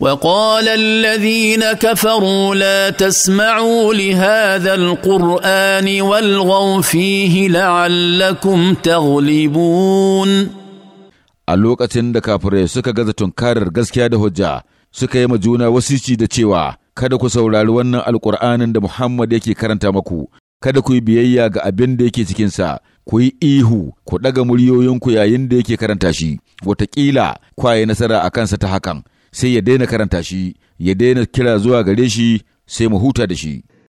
وقال الذين كفروا لا تسمعوا لهذا القران والغوا فيه لعلكم تغلبون a lokacin da kafirai suka gaza tunkarar gaskiya da hujja suka yi majuna wasici da cewa kada ku saurari wannan alkur'anin da muhammad yake karanta maku kada ku yi biyayya ga abin da yake cikinsa ku yi ihu ku ɗaga muryoyinku yayin da yake karanta shi wataƙila kwaye nasara a kansa ta hakan sai ya daina karanta shi ya daina kira zuwa gare shi sai mu huta da shi